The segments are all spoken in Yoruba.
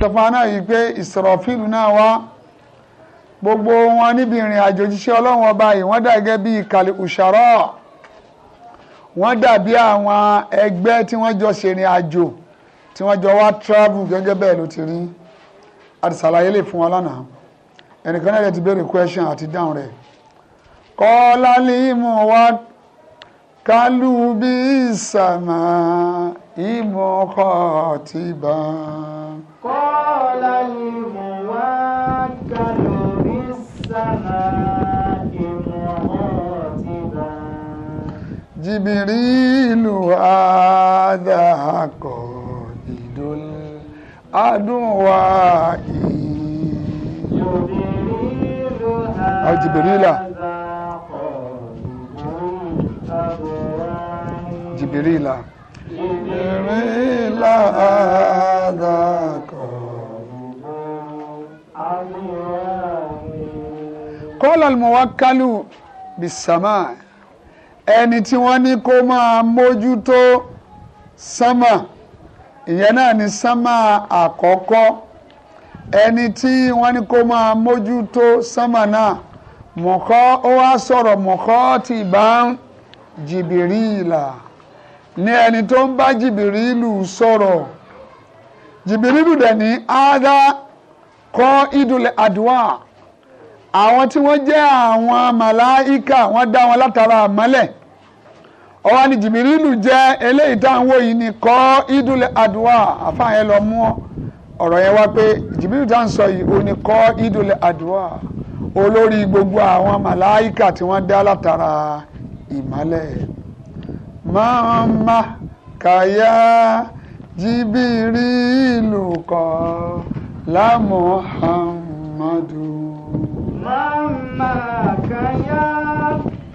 tọ́fà náà yìí pé ìsọ̀rọ̀fíìlù náà wá gbogbo wọn níbi ìrìn àjò jíṣẹ́ ọlọ́run ọba yìí wọ́n dà gẹ́gẹ́ bí ìkàlẹ̀ òṣàrọ̀ wọ́n dàbí àwọn ẹgbẹ́ tí wọ́n jọ ṣèrìn àjò tí wọ́n jọ wá travel gẹ́gẹ́ bẹ́ẹ̀ ló ti rí àti ṣàlàyé lè fún wọn lánàá ẹnìkan náà lè ti béèrè question àti dáhùn rẹ̀ kọ́lá lè mú wa kálù bí ìsàmà ìmọ̀ ọkọ̀ ti bá. kọ́lá ìmọ̀ wá kálù bí ìsàmà ìmọ̀ ọkọ̀ ti bá. jìbìrì ìlú àdàkọ̀ ìdólé adúnwá yìí. jìbìrì ìlú àdàkọ̀ jìbìrìlà. jìbìrìlà àdàkọ̀ kọ́lá mọ̀wákálù bìsàmà ẹni tí wọ́n ní kó máa mójútó sánmà ìyẹn náà ni sánmà àkọ́kọ́ ẹni tí wọ́n ní kó máa mójútó sánmà náà mọ̀kọ́ ó wá sọ̀rọ̀ mọ̀kọ́ ti bá ń jìbìrìlà ní ẹni tó ń bá jìbìrìlù sọ̀rọ̀ jìbìrìlù dẹ̀ ní ádá kọ́ ìdúlẹ̀ àdúrà àwọn tí wọ́n jẹ́ àwọn màláìka wọ́n dá wọn látara àmọ́lẹ̀ ọwọ́ ni jìbìrìlù jẹ́ eléyìí táwọn wò yìí ní kọ́ ìdúlẹ̀ àdúrà àfààyàn lọ mú ọ̀rọ̀ yẹn wá pé jìbìrìlù tá à ń sọ yìí ó ní kọ́ ìdúlẹ̀ àdúrà olórí gbogbo àwọn màláìka tí wọ́n dá látara ìmọ́lẹ̀ mama kaya jibirilu kọ la muhammadu. mama kaya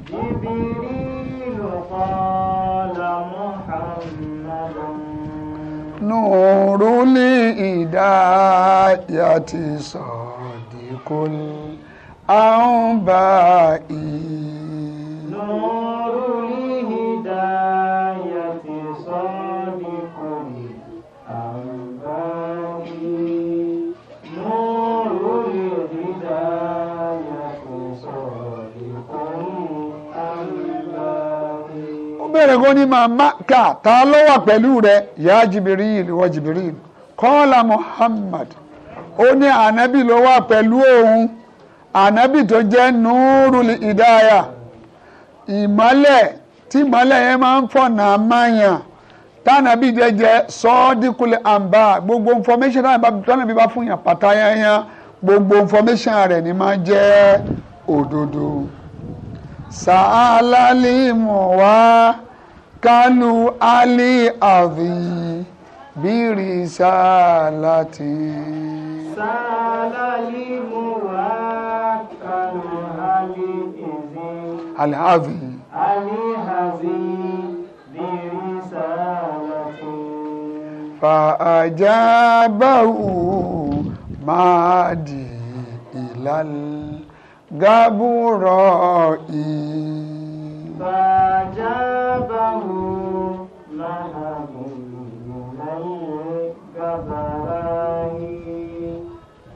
jibirilu kọ la muhammadu. nùrùlì ìdáyàtì sọ̀díkùl àwọn bá yìí. nùrùlì. bẹ̀rẹ̀ kó ní màmá kà tá a lọ wà pẹ̀lú rẹ̀ yá jìbìrìl wọ jìbìrìl kọ́lá Muhammad ó ní ànábì ló wà pẹ̀lú òun ànábì tó jẹ́ nùúrùl ìdáyà ìmọ́lẹ̀ tí ìmọ́lẹ̀ yẹn máa ń fọ̀nà máyàn tánàbí jẹjẹ sọ́ọ́dínkùlẹ̀ àǹbá gbogbo information tánàbí bá fún yàn pàtàyàyàn gbogbo information rẹ̀ ni máa jẹ́ òdodo sàálálímù wá kánú alí àbí bírí sáàlátì. sàálálímù wá kánú alí ìzí. alhavi. alhavi bírí sáàlátì. fàájà báwo máa dì ìlàlẹ́ gábúrọ̀ ìbàjábàmù láàbùn láyé gábàrá yìí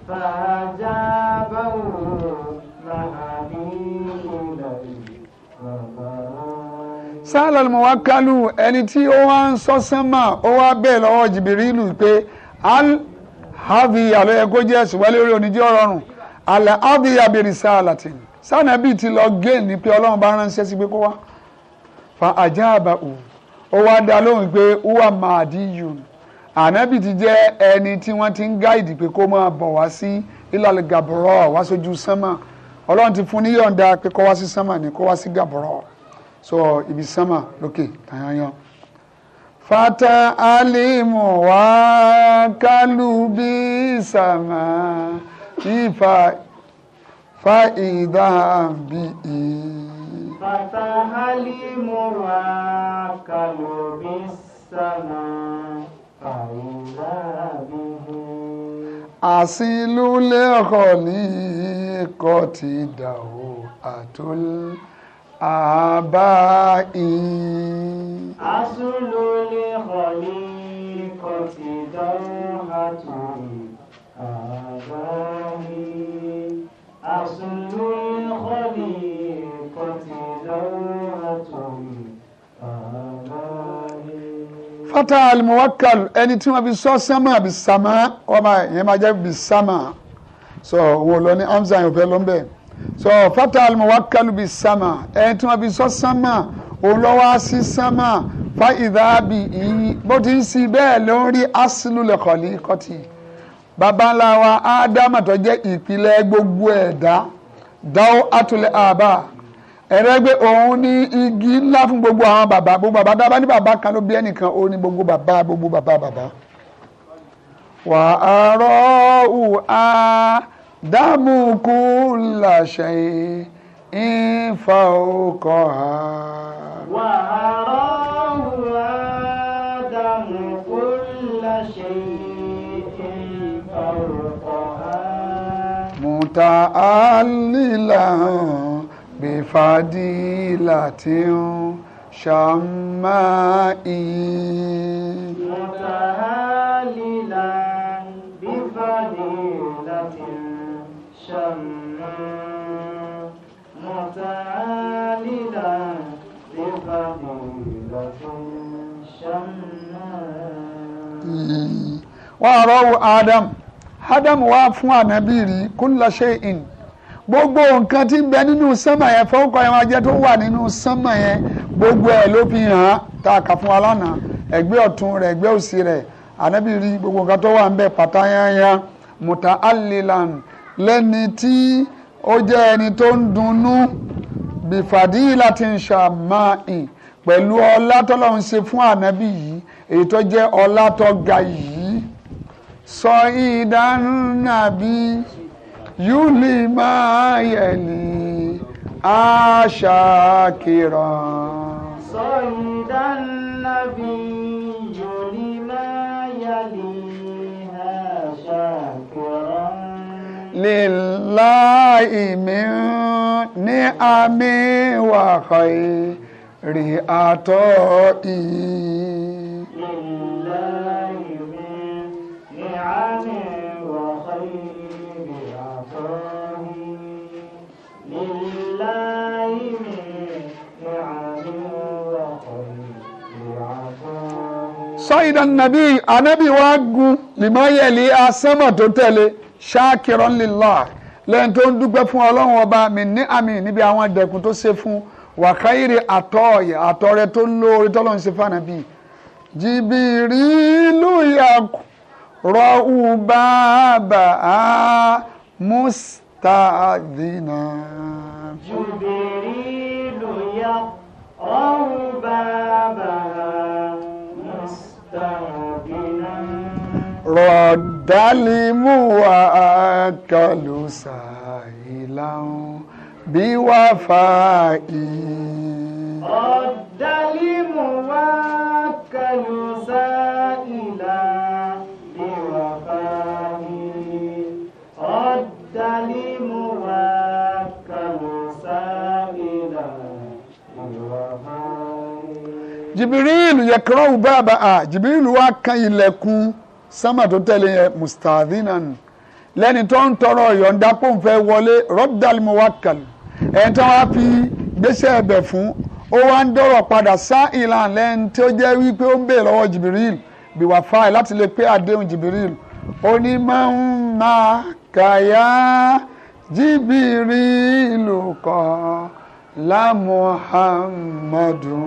fàjábàmù láàbùn láyé gábàrá yìí. sálàlù mọ̀wákálù ẹni tí ó wá ń sọ sánmà ó wá bẹ́ẹ̀ lọ́wọ́ jìbìrìlù pé al havi àlọ́ ẹ̀kọ́ jẹ́ ṣùgbọ́n lórí oníjẹ́ ọ̀rọ̀rùn. alẹ́ ọ́dí abirisa alatin sànàbí ti lọ gé ní pé ọlọ́run bá ránṣẹ́ sí pé kó wá fa ajá àbá ò ó wá dá lóhùn pé wúwà máa dí yù ànábì ti jẹ́ ẹni tí wọn ti ń gáìdì pé kó máa bọ̀ wá sí ìlàlẹ̀ gàbọ̀rọ̀ wá sójú sánmà ọlọ́run ti fún níyọ̀ǹda pé kó wá sí sánmà ni kó wá sí gàbọ̀rọ̀ so ibi sánmà lókè tàyányán fata alimu wa kalubi sama. كيف فإذا به فتح لي مراكب بالسماء فإذا به أصيل لخليقة دوءة الآباء أصل لخليقة دوءة fata alimuwakal ẹni tí wọn fi sọ sẹmà bí sàmà ọba yẹn máa jẹ bí sàmà so wọn lọ ní hamza yóò fẹ lọ so fata alimuwakal bí sàmà ẹni tí wọn fi sọ sama, òun lọ wá fa ìdábì yìí bó ti ń sin bẹ́ẹ̀ ló asinu lẹkọọ ní kọtì Baba ńlá wa ádámà tó jẹ́ ìpìlẹ̀ gbogbo ẹ̀dá dáwọ́ àtúlẹ̀ àbá ẹ̀rẹ́gbẹ́ òun ní igi ńlá fún gbogbo àwọn bàbá gbogbo bàbá dábà ní bàbá kan ló bí ẹnìkan ó ní gbogbo bàbá gbogbo bàbá bàbá. wà á rọ́ ù á dáàmú kú làṣẹ ìfà òkọ̀ á. wà á rọ́ ù متعللا بفضيلة شماء متعللا بفضيلة شماء متعللا بفضيلة شماء وروى آدم adamuwa wá fún ànábì rí kulla gbogbo nǹkan tí bẹ nínú sánmà yẹn fọwọ́kọ yẹn tó wà nínú sánmà yẹn gbogbo ẹ̀ ló fi hàn án tá a kà fún wa lánàá ọ̀tún rẹ̀ òsì rẹ̀ gbogbo nǹkan tó wà ń bẹ pátá yányá mùtá alilan lẹ́ni tí ó ẹni tó ń dunnú bìfàdí láti ń ṣàmáì pẹ̀lú ọlá صعيدا نبي يولي ما يلي آشاكرا صعيدا نبي يولي ما يلي آشاكرا لله من نعم وخير عطائي لله عن وخير عطاه لله من نعم وخير عطاه سيد النبي النبي واغو لما يلي اسما tó tẹ̀lé شاكرا لله lẹ́yìn tó ń dúpẹ́ fún ọlọ́run ọba mi ní àmì níbi àwọn ìdẹ̀kùn tó ṣe fún wàkàìrì àtọ̀ọ̀yẹ̀ àtọ̀rẹ tó lóore tọ́lọ́run ṣe fún ànábì jìbìrì ìlú ìyàkú rọ́ù bàbà á mustadina. jùbìrìlù yá rọ́ù bàbà á mustadina. rọ̀dálì mú wa àkàlù sàìláhùn bí wàá fà í. rọ̀dálì mú wa àkàlù sàìláhùn. jibirilu yẹ kúrọ wù bàbà a jibirilu wa kan ilẹ̀kùn sánmà tó tẹ̀lé yẹn mustadhinan lẹ́ni tó ń tọrọ yọ̀ǹda kó n fẹ́ wọlé rọ́bìdàlì mo wá kàlù fi gbèsè ẹ̀bẹ̀ fún O wa ń pada padà ilan ìlànà n tó jẹ́ wípé ó ń bè lọ́wọ́ jibirilu biwafai láti lè pé àdéhùn jìbìrìl ó ní máa ń máa kàyà jìbìrìl kọ́ lámùhàmmadù.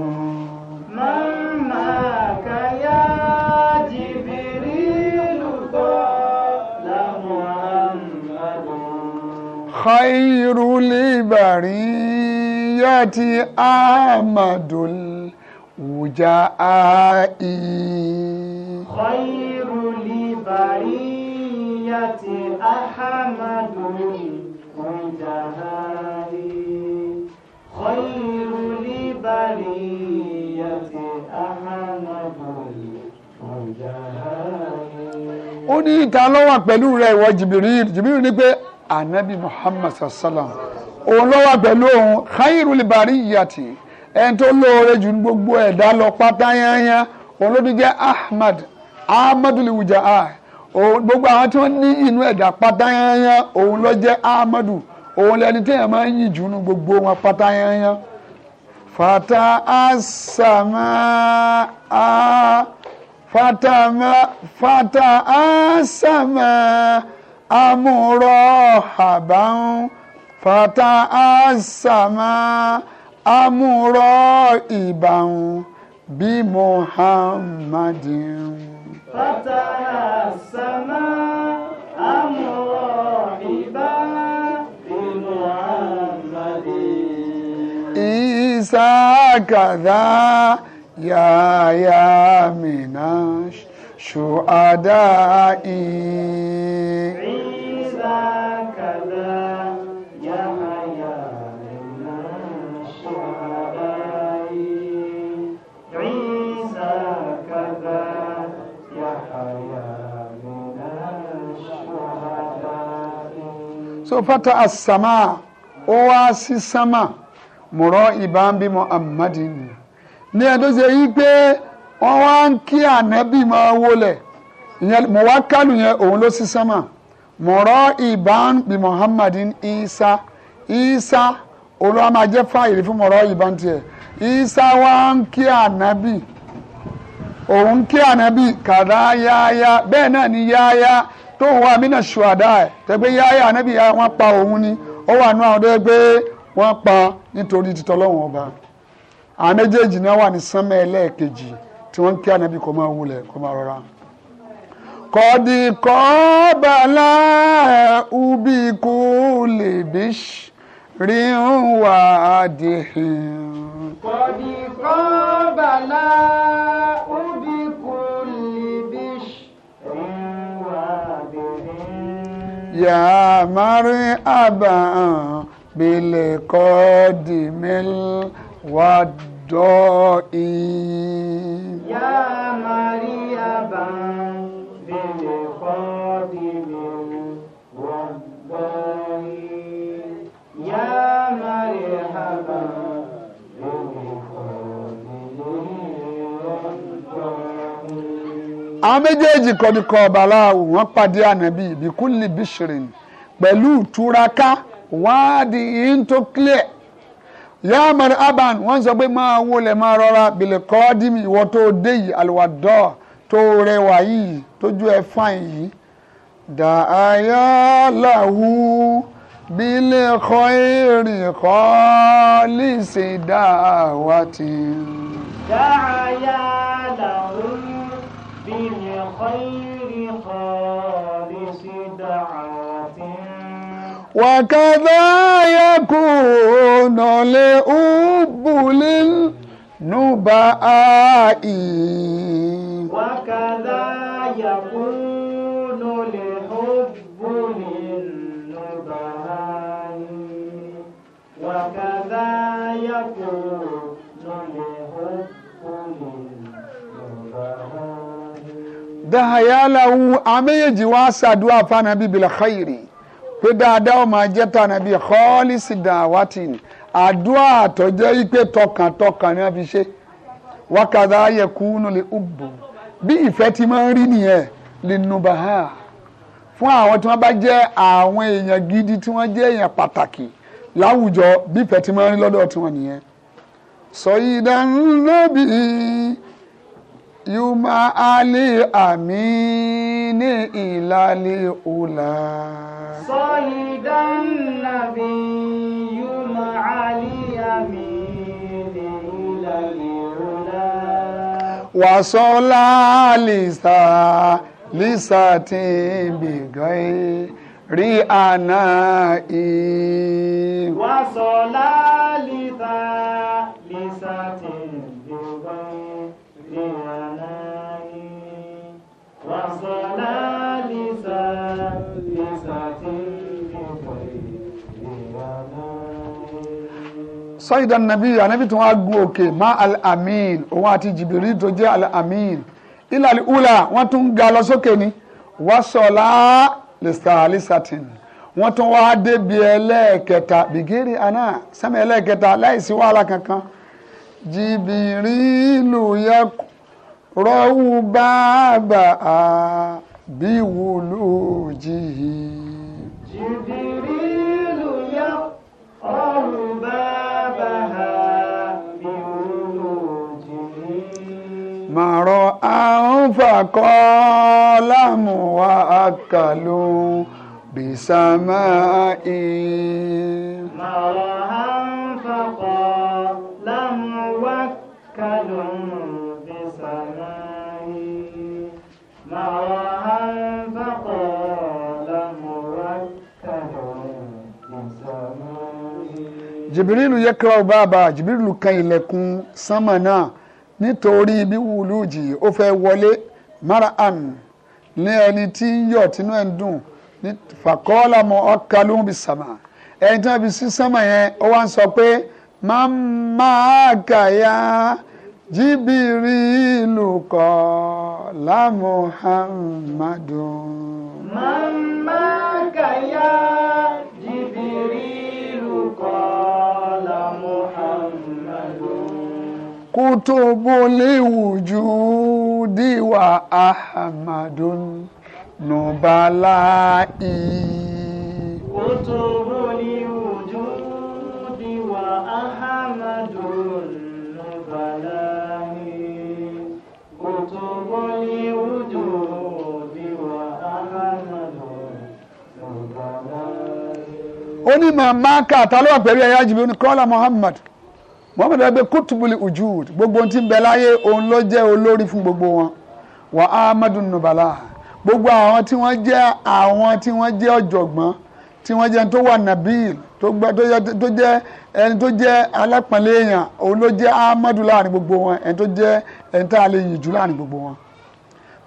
máa ń máa kàyà jìbìrìl kọ́ lámùhàmmadù. khayru libariyati amadul wujai. محمد منتهاه خير لبرية أحمد منتهاه ó ní ìta ló wà pẹ̀lú rẹ̀ ìwọ Jibril Jibril ní pé anabi Muhammad sallam òun ló wà pẹ̀lú òun khairu libariyati ẹni tó lóore jù gbogbo ẹ̀dá lọ pátá yányá òun ló ti jẹ́ Ahmad Ahmadu liwuja gbogbo àwọn tí wọ́n ní inú ẹ̀dá pátáyányá òun ló jẹ́ ahmadu òun lẹni téèyàn máa ń yìn jù nú gbogbo wọn pátáyányá. fata asama fata ma fata asama amúrò àbáwọn fata asama amúrò ìbáwọn bí muhammadin. فتح السماء مراحبا بمحمد عيسى كذا يا يا من الشهداء عيسى so fata asama ó wá sí sámà mọ̀rọ́ ìbámbí muhammadin ní ẹ̀ tó ṣe yí pé wọ́n wá ń kí ànábì máa wọlẹ̀ ìyẹn mọ̀wákàlù yẹn òun ló muhammadin isa isa olúwa máa jẹ́ fáìlì fún mọrọ ìbán tiẹ̀ isa wá ń kí ànábì òun kí ànábì kàdá yáyá náà ni Ya, ya tóun wà mí náà ṣùwádà ẹ̀ tẹ́gbẹ́ yáyà ànábì yáyà wọ́n pa òun ni ó wà nú àwọn tó yẹ pé pa nítorí títọ́ lọ́wọ́n ọba àwọn méjèèjì náà wà ní sánmẹ́ ẹlẹ́ẹ̀kejì tí wọ́n ń kí ànábì kó máa wulẹ̀ kó máa rọra. kọ́dí kọ́bàlá ubi kú lè bí rí ń wà á dìhìn. kọ́dí kọ́bàlá ubi. يا مرحبا بالقادم الودائي يا مرحبا بالقادم الودائي يا مرحبا àwọn méjèèjì kọ́díkọ́ baláwo wọ́n pàdé ànábì ìbíkúlì bíṣìrìn pẹ̀lú túraká wádìí yìí tó clear yamar aban wọ́n sọ pé máa wọlé máa rọra bìlẹ̀ kọ́ dìmí ìwọ tó dé yìí àlùwàdọ́ tó rẹwà yìí tójú ẹ fàn yìí dàáyá làwù bílẹ̀ kọ́ èrè kọ́ lè ṣe dáhàwá tì. dàáyá làwù. وكذا يكون لأب للنباء وكذا يكون لحب للنباء وكذا يكون dàhàyàláwù àméjèèjì wá ṣàdúrà fànàbí bìlà khayri pé dáadáa ó máa jẹ́ tànàbí kọ́ọ́lìsì dàwátìn àdúrà àtọ́jọ́ yìí pé tọkàntọkàn ni wọ́n fi ṣe wákàtí ayẹ kúnú lè ubù bí ìfẹ́ ti máa ń rí nìyẹn lè nubaha fún àwọn tí wọ́n bá jẹ́ àwọn èèyàn gidi tí wọ́n jẹ́ èèyàn pàtàkì láwùjọ bí ìfẹ́ ti máa ń rí lọ́dọ̀ tiwọn nìyẹn sọ yìí dáná náà yuma ali amini ilali ula sayidan nabi yuma ali amini ilali ula wasola lisa lisa ti bigai ri ana i wasola lisa lisa ti bigai ri ana i sọ́yìdá nàbí ànábì tí wọ́n á gun òkè má al-amin òun àti jìbìrì tó jẹ́ al-amin ilal ula wọ́n tún ga lọ sókè ni wàsọ̀lá lẹ́sàtìn wọ́n tún wá débi ẹlẹ́ẹ̀kẹta bìgírì àná sẹ́mi ẹlẹ́ẹ̀kẹta láìsí wàhálà kankan jìbìrì lù rọ́wù bàbà bí wùlú jìhì. jìbìrìlù yá ọ̀rùn bàbà bí wùlú jìhì. màrọ̀ àwọn fàkọ́ lámùwá àkàlù بسماء مرها فقال لم وكل بسماء jìbìrìlù yẹ kíra ọba àbá jìbìrìlù kan ilẹ̀kùn sánmà nítorí bí wùlú ó fẹ́ wọlé mara an ní ẹni tí ń yọ̀ tínú ẹ̀ dùn fàkọ́ọ́lá bi Jibirilu qala Muhammadun. Mama kaya Jibirilu qala Muhammadun. Kutubul wujudi wa Ahmadun nubala'i. Kutubul wujudi wa Ahmadun. Oni لوجود وأمل ó ní màmáka àtàlọ́wà pẹ̀lú ẹ̀yà jìbìrì ní Muhammad Muhammad ẹgbẹ́ kutubuli ujud gbogbo ohun tí ń bẹ láyé òun ló jẹ́ olórí fún gbogbo wọn wà ámàdù nùbàlà gbogbo àwọn tí wọ́n jẹ́ àwọn tí wọ́n jẹ́ ọ̀jọ̀gbọ́n tí wọ́n jẹ́ tó wà nàbíl tó gbọ́ tó jẹ́ ẹni tó jẹ́ alápọ̀nlé èèyàn òun ló jẹ́ ahmadu láàrin gbogbo wọn ẹni tó jẹ́ ẹni tá a lè yìn jù láàrin gbogbo wọn.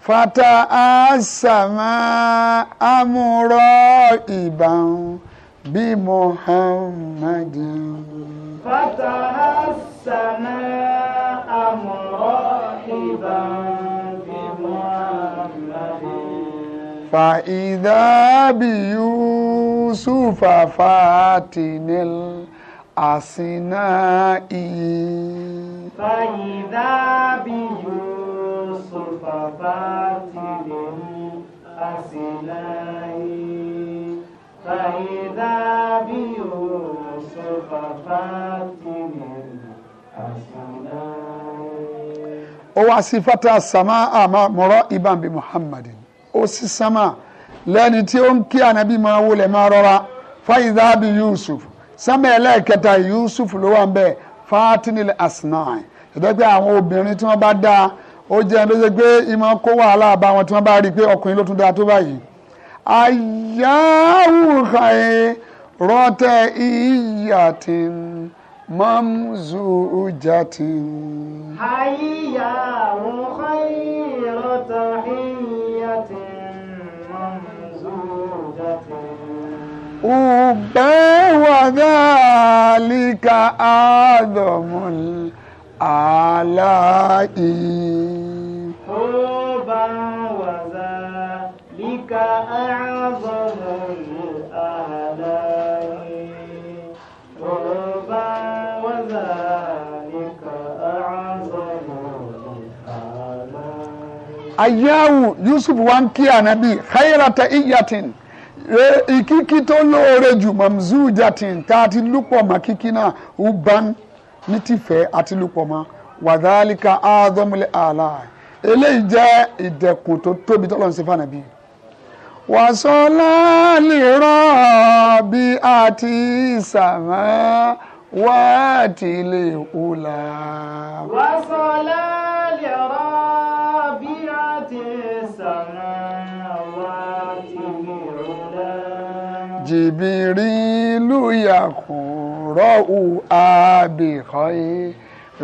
fata asama amúrọ ìbàn bí muhammadin. fata asama amúrọ ìbàn bí muhammadin. فإذا بيوسف فاتن الأصناء فإذا بيوسف فاتن الأصناء فإذا بيوسف فاتن الأصناء ó wá sí fata sama ama mọ̀rọ̀ ibà bíi muhammadin o sí sánmà lẹ́ni tí ó ń kí ànábì máa wọlé máa rọra Yusuf sánmà ẹlẹ́ẹ̀kẹta Yusuf ló wà ń bẹ̀ fatinil asnai ìdẹ́gbẹ́ àwọn obìnrin tí wọ́n bá dáa ó jẹ́ ẹni tó ṣe pé ìmọ̀ kó wàhálà bá wọn tí wọ́n bá rí i pé ọkùnrin ló tún dáa tó báyìí ayáwùhàn ayáwùhàn ùbẹ́ wàdálíkà àdọ̀mọ́lì àlàyé. ọba wàdálíkà àdọ̀mọ́lì àlàyé. ọba wàdálíkà àdọ̀mọ́lì àlàyé. ayáwù Yusuf wa ń kí ànábì khayrata iyatin ìkíkí tó lóore jù mamzu jatin tá a ti lúpọ̀ mọ́ kíkí náà ó bá ní tìfẹ́ àti lúpọ̀ mọ́ wàdálíkà áádọ́múlẹ̀ àlá eléyìí jẹ́ ìdẹ̀kùn tó tóbi tọ́lọ́ ní sèfànà bíi. wàsọ́lá lè rọ̀ bí àti sàmà wá tìlẹ̀ òòlà. wàsọ́lá lè rọ̀. jìbìrìlù yàkùrọ̀ù àbìkọ́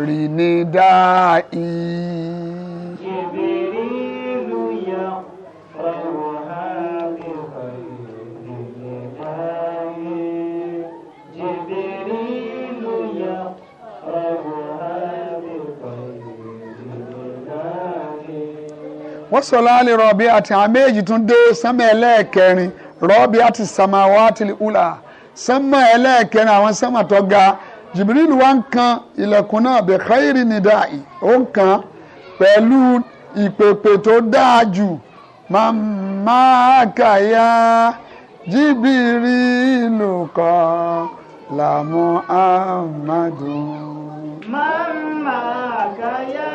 rìnìdá ì. jìbìrìlù yàkùrọ̀ù àbìkọ́ rìnìdá ì. jìbìrìlù yàkùrọ̀ù àbìkọ́ rìnìdá ì. wọ́n sọ láàlè rọ̀bì àti àmẹ́jì tún dé sánmẹ́ ẹlẹ́ẹ̀kẹrin rọ́ọ̀bì àti sàmáwá àti ìhùlà sánmà ẹlẹ́ẹ̀kẹrin àwọn sánmà tó ga Jibril wa ń kan ilẹ̀kùn náà bẹ̀ káyìrì nìdá ó ń kan pẹ̀lú ìpèpè tó dáa jù màmá kàyà Jibril kan làmú Ahmadu. màmá kàyà.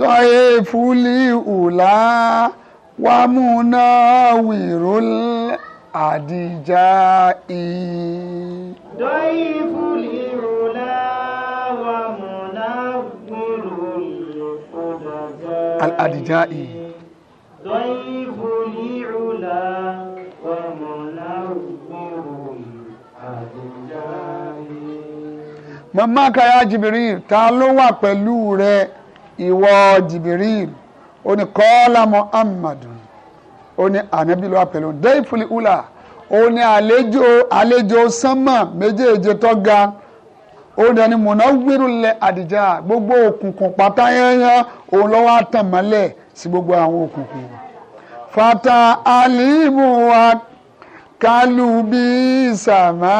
dọ́yé fuli ùlá wamuna wirul wìrò àdìjà ì. dọ́yé fúlì ùlá wà múná wìrò àdìjà ì. dọ́yé fúlì ùlá wà múná wìrò kaya Jibril ta ló wà pẹ̀lú rẹ ìwọ Jibril ó ní kọ́lá Muhammadu ó ní ànábì ló wà pẹ̀lú dayful ula ó ní àlejò àlejò sánmà méjèèje tó ga ó ní ẹni mọ̀nà wírulẹ̀ àdìjà gbogbo òkùnkùn pátá yẹnyẹn òun lọ́wọ́ àtàmọ́lẹ̀ sí gbogbo àwọn òkùnkùn fata alimu wa kalubi sama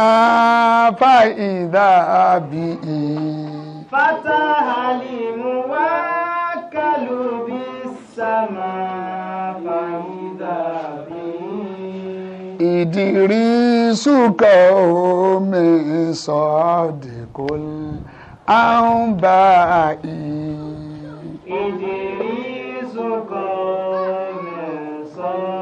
fa ìdá bíi. فتح الموكل بالسماء فإذا إدريس قوم صادق الأنباء إدريس قوم صادق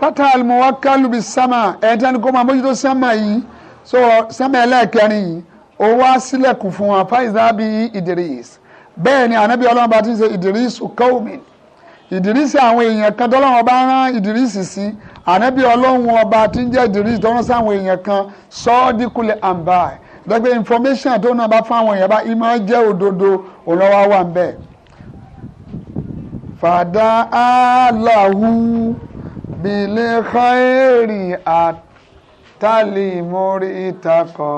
fata al-muwakkalu bis sama ẹ̀ẹ́dẹ́ ni kó máa mójútó sama yìí so sama ẹlẹ́ẹ̀kẹrin yìí ó wá sílẹ̀kùn fún wa faiza bi idris bẹ́ẹ̀ ni ànábì ọlọ́run bá ti ń ṣe idris kaumin idris àwọn èèyàn kan tọ́lọ́run ọba rán idris sí ànábì ọlọ́run ọba ti ń jẹ́ idris tọ́lọ́run sáwọn èèyàn kan sọ́ọ́dínkùlẹ̀ àǹbá dẹ́gbẹ́ information tó náà bá fún àwọn èèyàn bá ìmọ̀ jẹ́ òdodo òun lọ́wọ́ wà ń bẹ́ẹ̀ fàdá àlàhùn bìlẹ̀ káyèrì àtàlímọ́rí ìtakọ̀.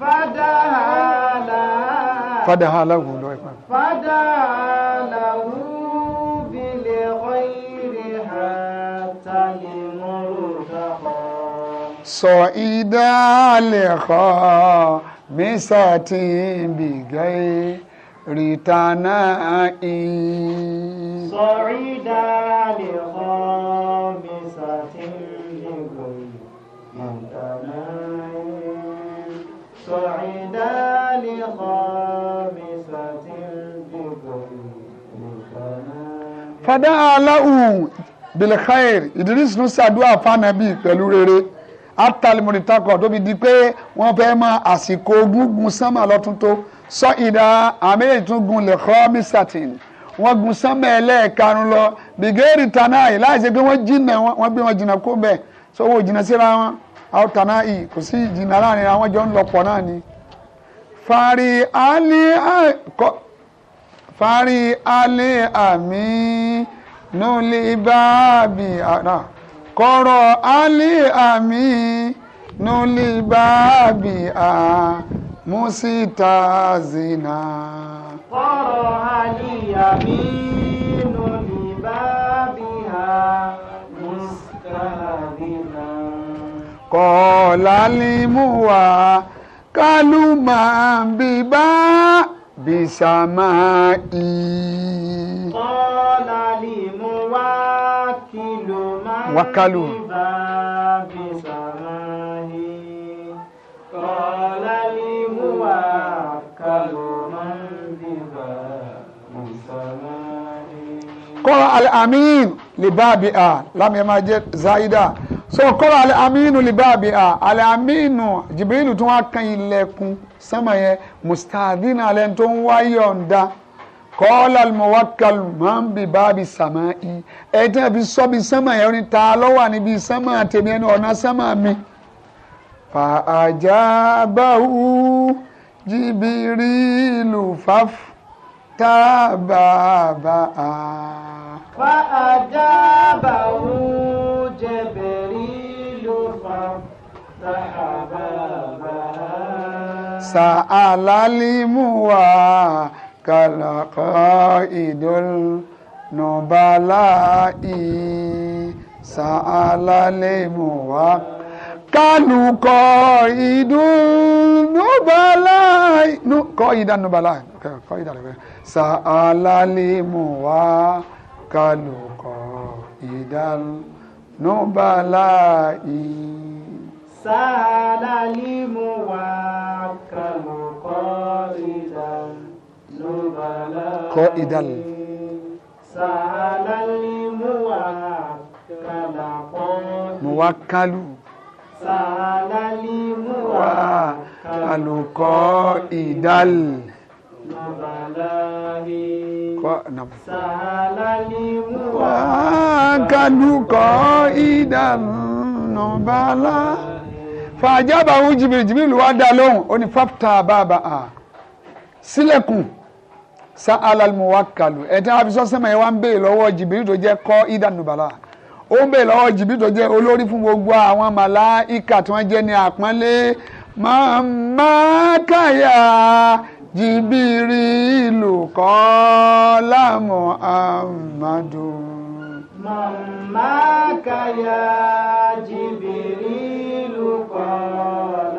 fàdáhàlà. fàdáhàlà wò lọ ìpa. fàdáhàlà wù bìlẹ̀ káyèrì àtàlímọ́rí ìtakọ̀. sọ ìdálẹ̀ kọ́ mísàtì bìgáyé. رتنائي صعيدا لخامسة لكل ممتنائي صعيدا لخامسة لكل ممتنائي فدعا له بالخير Ìdírísì ń ṣàdúrà fánàbí pẹ̀lú rere atalmori takọ tóbi di pé wọ́n fẹ́ mọ àsìkò gúngun sánmà lọ́tún tó sọ ìdá àmẹ́yẹ̀ tún gun lè kọ́ mísàtìn wọ́n gun sánmà ẹlẹ́ẹ̀karùn lọ bìgẹ́rì tànà yìí láìsí pé wọ́n jìnnà wọ́n gbé wọn jìnnà kó bẹ́ẹ̀ sọ wọ́n jìnnà síra wọn àwọn tànà yìí kò sí ìjìnnà láàrin àwọn jọ ń lọ pọ̀ náà ni. fari ali fari ali ami nulibaabi náà kọ́rọ̀ alí àmì nulí báàbì à músítà zina. kọ́rọ̀ alí àmì nulí báàbì à músítà zina. kọ́ọ̀lá lè mú wa kálù máa ń bí bá bìsàmáì. kọ́ọ̀lá lè tawakkalu. kọ́ra al-amin lè bá a bí a lámìí máa jẹ́ zaida so kọ́ra al-aminu lè a bí al-aminu jibrilu tún wá kan ilẹ̀kùn sánmà yẹn mustadina alẹ́ tó ń wáyọ̀ ń kọ́ọ́lá mọ̀wákàlù máa ń bi báàbí sàmá i ẹni tí wọ́n fi sọ́ bí sánmà yẹn ni ta ló wà níbi sánmà tèmi ẹni ọ̀nà sánmà mi. fa àjàbáwú jìbìrì ìlú fáfù tá a fa àjàbáwú jìbìrì ìlú fáfù tá a كالقائد النبلاء سأل الموكل kálukọ ìdúnnúbalai kọ ìdánúbalai kọ ìdánúbalai sa alálẹ́mùwá kálukọ ìdánúbalai. sa alálẹ́mùwá kálukọ ìdánúbalai kọ́ ìdánù. sàlàlì muwakala kọ́. muwakalu. sàlàlì muwakalu kọ́ ìdánù. Sàlàlì muwakalu kọ́ ìdánù nọ̀bálá fàájábà ń jìbìrì jìbìrì wá dá lóhùn ó ní fáfitá bàbà à sílẹ̀kùn sa alalmuwakalu ẹtí abisọ sẹmọ yẹn wá ń béè lọ́wọ́ jìbìrì tó jẹ́ kọ ìdánubàlà ó ń béè lọ́wọ́ jìbìrì tó jẹ́ olórí fún gbogbo àwọn màláìka tí wọ́n jẹ́ ní àpọ́nlé màmákàyà jìbìrì ìlú kọ́lá muhammadu. màmákàyà jìbìrì ìlú kọ́lá.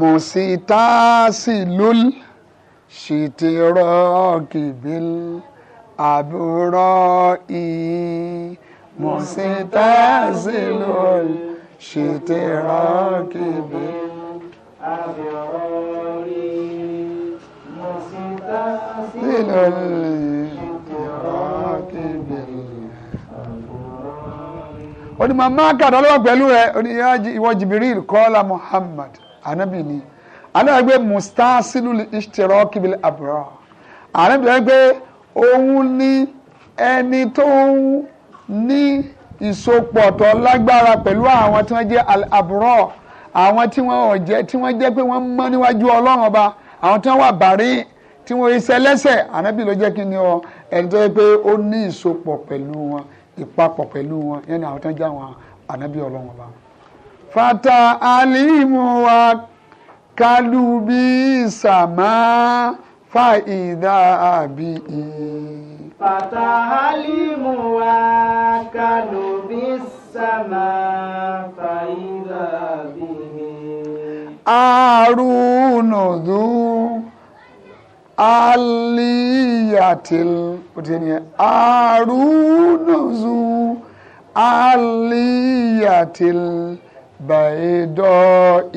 mùsítàásìlúl ṣìtìrọ́ọ̀kìbìl àbúrọ̀ ìyí mùsítàásìlúl ṣìtìrọ́ọ̀kìbìl àbúrọ̀ ìyí mùsítàásìlúl ṣìtìrọ́ọ̀kìbìl ó ní màmá kàdá lọ́wọ́ pẹ̀lú rẹ̀ ó ní ìwọ Jibril kọ́lá Muhammad ànábì ni ana gbé mustasilu ishtiraki bil abrar ànábì gbé òun ní ẹni tó ń ní ìsopọ̀ tó lágbára pẹ̀lú àwọn tí wọ́n jẹ́ àbúrò àwọn tí wọ́n jẹ́ tí wọ́n jẹ́ pé wọ́n mọ́ níwájú ọlọ́run ọba àwọn tí wọ́n wà bàrí tí wọ́n iṣẹ́ lẹ́sẹ̀ ànábì ló jẹ́ kí ni ọ ẹni tó yẹ pé ó ní ìsopọ̀ pẹ̀lú wọn ìpapọ̀ pẹ̀lú wọn yẹn ni àwọn tó ń jẹ́ àwọn ànábì ọlọ́run ọba fata alimu wa kalubi sama fa ìdá àbí fata alimu wa kalubi sama fa ìdá àbí i. arúnùdún aliyatil Aruno arúnùzú aliyatil. بيضاء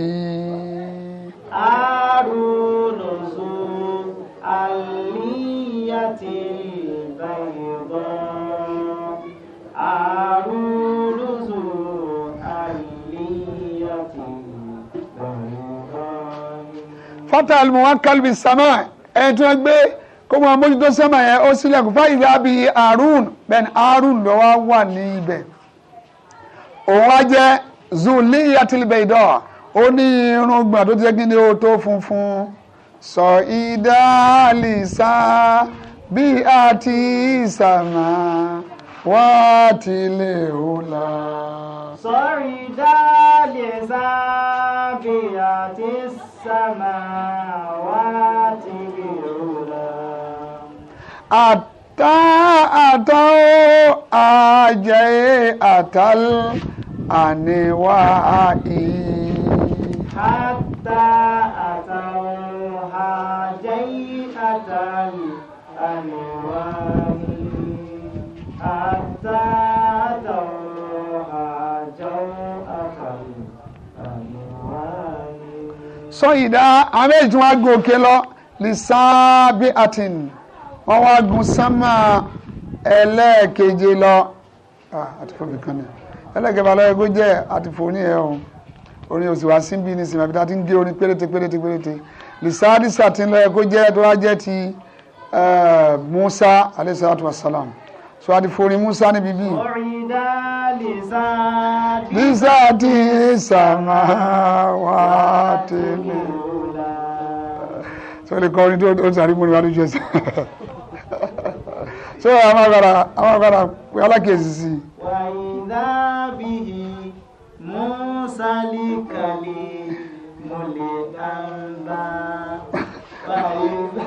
هارون ذو علية البيضاء هارون ذو علية البيضاء فتح الموكل بالسماء ẹ̀tún ẹgbẹ́ kó mọ mójútó sẹ́mà yẹn ó sílẹ̀kùn fáìlà bí i Harun bẹ́ẹ̀ ni Harun ló wá wà ní ibẹ̀ òun wá jẹ́ zuliyatil bayda ó ní irun gbọ̀n tó ti jẹ́ kí ni ó tó funfun sọ ìdálìsá bí àti ìsàmà wá tilẹ̀ òla. sọ ìdálìsá bí àti ìsàmà wá tilẹ̀ òla. àtà àtà àjẹ́ àtàlù. أنواعه حتى أتوها جيئة أنواعه حتى أتوها جوءة أنواعه sọyìndà àmẹ́jùn agòkè lọ lìsáàbí àtìn wọ́n wá gun sánmà ẹlẹ́ẹ̀keje lọ ah, àti fún mi kan náà ẹlẹ́gẹ̀ẹ́fà lọ́yẹ̀ kó jẹ́ àtìfóní ẹ̀ o orin òsì wá síbi ní sinmi àbíta ti ń gé orin péréte péréte péréte lìsáàdì sàtìn lọ́yẹ̀ kó jẹ́ tó wá jẹ́ ti Musa alayhi salatu wassalam so àtìfóní Musa níbi bíi. ọ̀rìndà lìsáàdì sàmà wà tẹ̀lé. so lè kọ́ orin tó ń sàrí múni wá lójú ẹsẹ̀ so àwọn àgbàrá àwọn àgbàrá alákèésì sí كتابه منسلكا للأنباء فإذا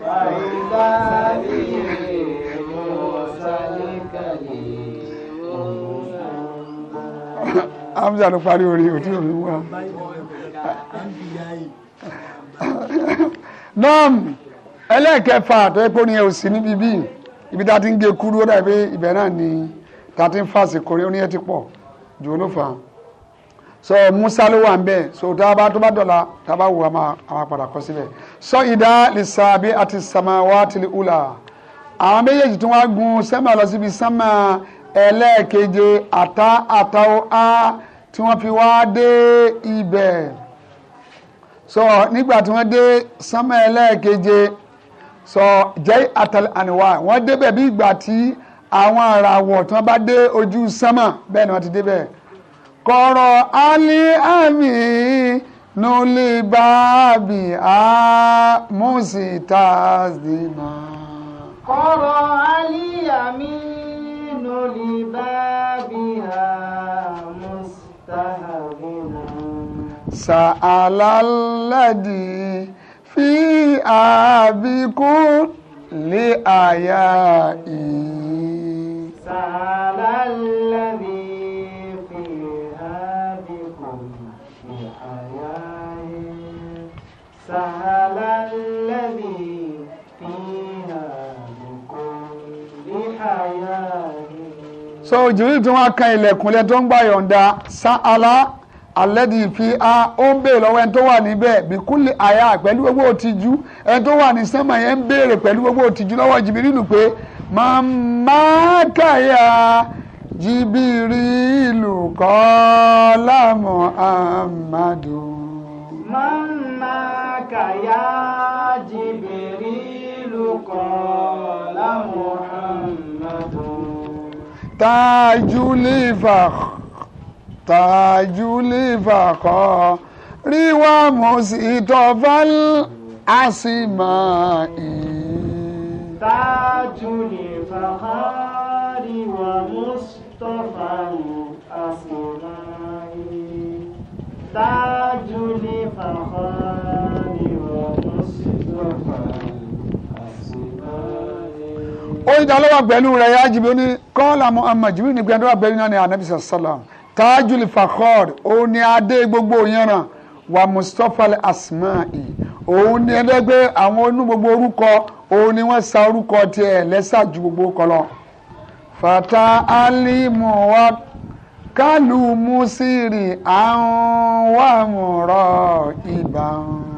فإذا به منسلكا Hamza ló parí orin òtí òní wá. Nọ́ọ̀mù ẹlẹ́ẹ̀kẹfà tó ẹ pé orin ò sí níbi bíi ibi tá a ti ń gé e kúrú ó dàbí ibẹ̀ náà ni tá ti ń fàṣẹ kórè oníyẹ ti pọ̀ jù ó ló fà á so Musa ló wà ń bẹ̀ so tá a bá tó bá dọ̀la tá a bá wù á máa padà kọ síbẹ̀ sọ ìdá lè àti sàmà wá tìlí ula àwọn méjèèjì tí wọ́n gun sẹ́mà lọ síbi sẹ́mà ẹlẹ́ẹ̀keje àtà àtàwọ̀ á tí wọ́n fi wá dé ibẹ̀ so nígbà tí wọ́n dé sẹ́mà ẹlẹ́ẹ̀keje sọ jẹ́ atal àníwá wọ́n débẹ̀ bí ìgbà tí àwọn àràwọ̀ tí wọ́n bá dé ojú sánmà bẹ́ẹ̀ ni wọ́n ti débẹ̀ kọ̀rọ̀ alí àmì nulí báàbì àmúsì tàzìmà. kọ̀rọ̀ alí àmì nulí báàbì àmúsì tàzìmà. sàálà lẹ́dìí fi àbíkún lé àyà yìí. sàlá lẹ́bi fi àbíkún lé àyà yìí. sàlá lẹ́bi fi àbíkún lé àyà yìí. so jìrì tí wọ́n kan ilẹ̀kùnlẹ̀ tó ń gbà yọ̀ǹda sàlá alẹ́dì fi a ó ń béèrè lọ́wọ́ ẹni tó wà níbẹ̀ bíkúlì àyà pẹ̀lú owó òtijú ẹni tó wà ní sẹ́mọ̀ yẹn ń béèrè pẹ̀lú owó òtijú lọ́wọ́ jìbìrìlù pé màmá kàyà jìbìrìlù kọ́lá Muhammadu. màmá kàyà jìbìrìlù kọ́lá Muhammadu. tajulifah tajulifakọ ríwá mọ̀sítọ́fàl àsìmáì. tajulifakọ ríwá mọ̀sítọ́fàl àsìmáì. tajulifakọ ríwá mọ̀sítọ́fàl àsìmáì. ó ń dalọ́wọ́ pẹ̀lú rẹ̀ yájú bí ó ní kọ́lá muhammad jibril ní gbẹ́ndọ́wọ́ pẹ̀lú náà ní anabi sallam tajul fakhor òun ni adé gbogbo ìyanràn wa mustapha asma'i òun ni ẹlẹgbẹ àwọn onú gbogbo orúkọ òun ni wọ́n sa orúkọ tiẹ̀ lẹ́sà ju gbogbo orúkọ lọ. fata alimu wa kálù musiri àwọn wàmúrọ̀ ìbàwọn.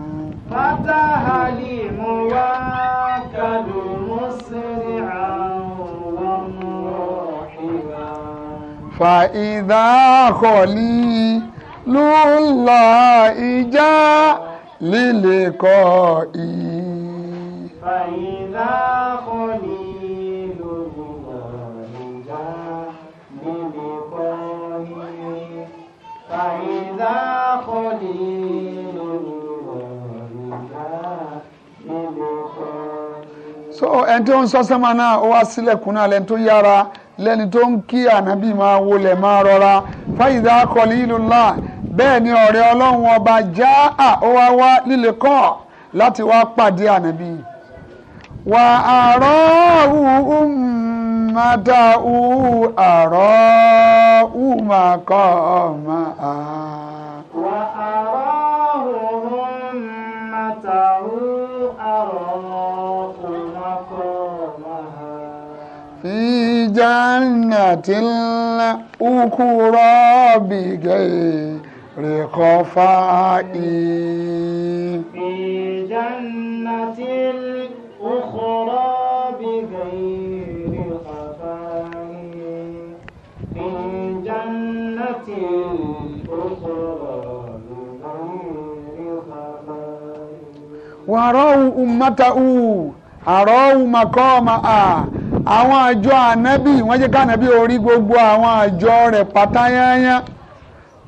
فإذا خليل الله جاء للقائي فإذا خليل الله جاء للقائي فإذا خليل الله جاء للقائي so ẹni tó ń sọ sẹ́mà náà ó wá sílẹ̀kùn náà lẹ́ni tó yára lẹ́ni tó ń kí ànábì máa wọlé máa rọra fáyidá kọlí ìlú ńlá bẹ́ẹ̀ ni ọ̀rẹ́ ọlọ́run ọba já à ó wá wá líle kọ́ láti wá pàdé ànábì. wà àárọ̀ ù mádà ù àárọ̀ ù máa kọ́ ọ̀ma à. wà àárọ̀ ù mádà ù àárọ̀ jannati ukura bi gairi khafa'i fi jannati ukura bi gairi khafa'i fi jannati ukura wàrọ̀ ummatahu àrọ̀ makọ́ma a àwọn àjọ ànábì wọ́n jẹ́ kánábì orí gbogbo àwọn àjọ rẹ̀ pátáyányá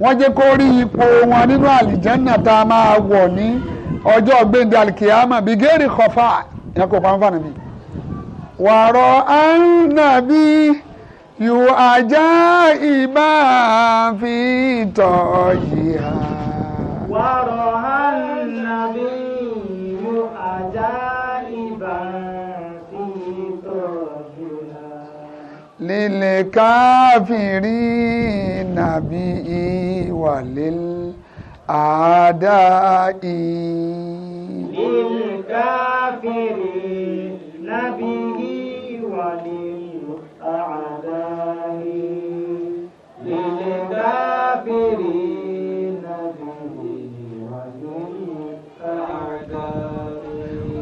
wọ́n jẹ́ kó rí ipò wọn nínú àlìjẹ́nà tá a máa wọ̀ ní ọjọ́ gbẹ̀ndẹ̀ alikiyama bigeri kọfà yẹn kò fáwọn fànàbí. wàrọ̀ ànábì yóò ajá ìbá fi tọ̀ yìí hàn. wàrọ̀. lílè káfìrí nàbí ìwàlẹ̀ àádá ì. lílè káfìrí nàbí ìwàlẹ̀ àádá ì. lílè káfìrí nàbí ìwàlẹ̀ àádá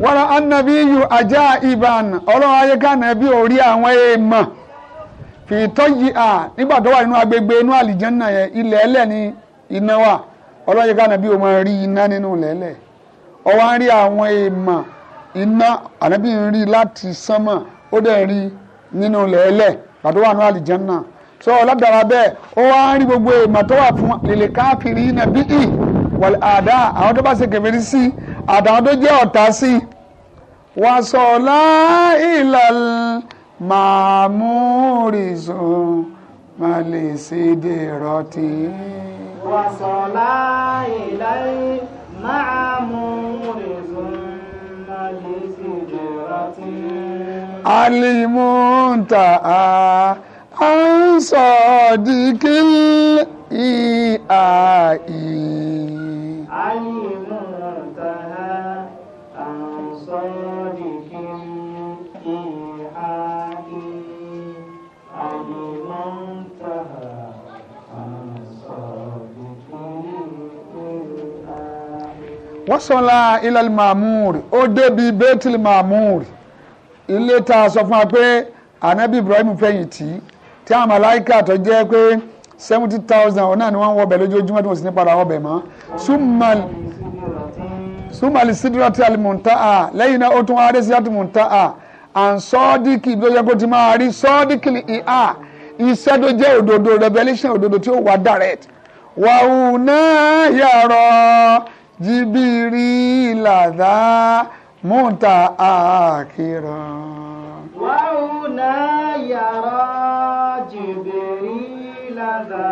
wọ́n á nàbí yù ajá ìbànú ọlọ́run ayé ká nàbí orí àwọn èèmọ̀ fìtọ́ yìí à nígbà tó wà nínú agbègbè inú àlìjẹ́nà yẹn ilẹ̀ ẹlẹ̀ ni iná wà ọlọ́yẹ ká nàbí o máa rí iná nínú lẹ́lẹ̀ ọwọ́ ń rí àwọn èèmà iná ànábì ń rí láti sánmà ó dẹ̀ rí nínú lẹ́lẹ̀ pàtó wà nínú àlìjẹ́nà sọ ọlọ́dàra bẹ́ẹ̀ ó wá ń rí gbogbo èèmà tó wà fún lèlè káàkiri iná bí ì wọ̀lẹ̀ àdá àwọn tó bá ṣe kèfèrí sí àtàwọn tó jẹ́ ọ̀tá sí wàásọ̀ láìlàlá màmúrìsùn má lè ṣe dè rọtì. wàsọ̀lá ìlàyé màmúrìsùn má lè ṣe dè rọtì. alimunta a ń sọ dìkìlì ìhà yìí. alimunta. wọ́sọ̀la ilẹ̀ mamuri ó débi bẹ́tìlì mamuri ilé tá sọ fún wa pé anabi ibrahim fẹ̀yìntì tí àwọn màláìka tó jẹ́ pé seventy thousand ọ̀nà ni wọ́n ń wọbẹ̀ lójoojúmọ́ tí wọ́n sì ní padà wọbẹ̀ mọ́ súnmọ́lì sídúrátì àlìmùtáà lẹ́yìn náà ó tún wá dé sídúrátì mùtáà and sọ́ọ́díkì tó yẹ kó ti máa rí sọ́ọ́díkì ìhà iṣẹ́ tó jẹ́ òdodo revelation òdodo tí ó wà direct wàhùn náà yàrá jibiri ladha muta akiran. wàhùnà yàrá jibiri ladha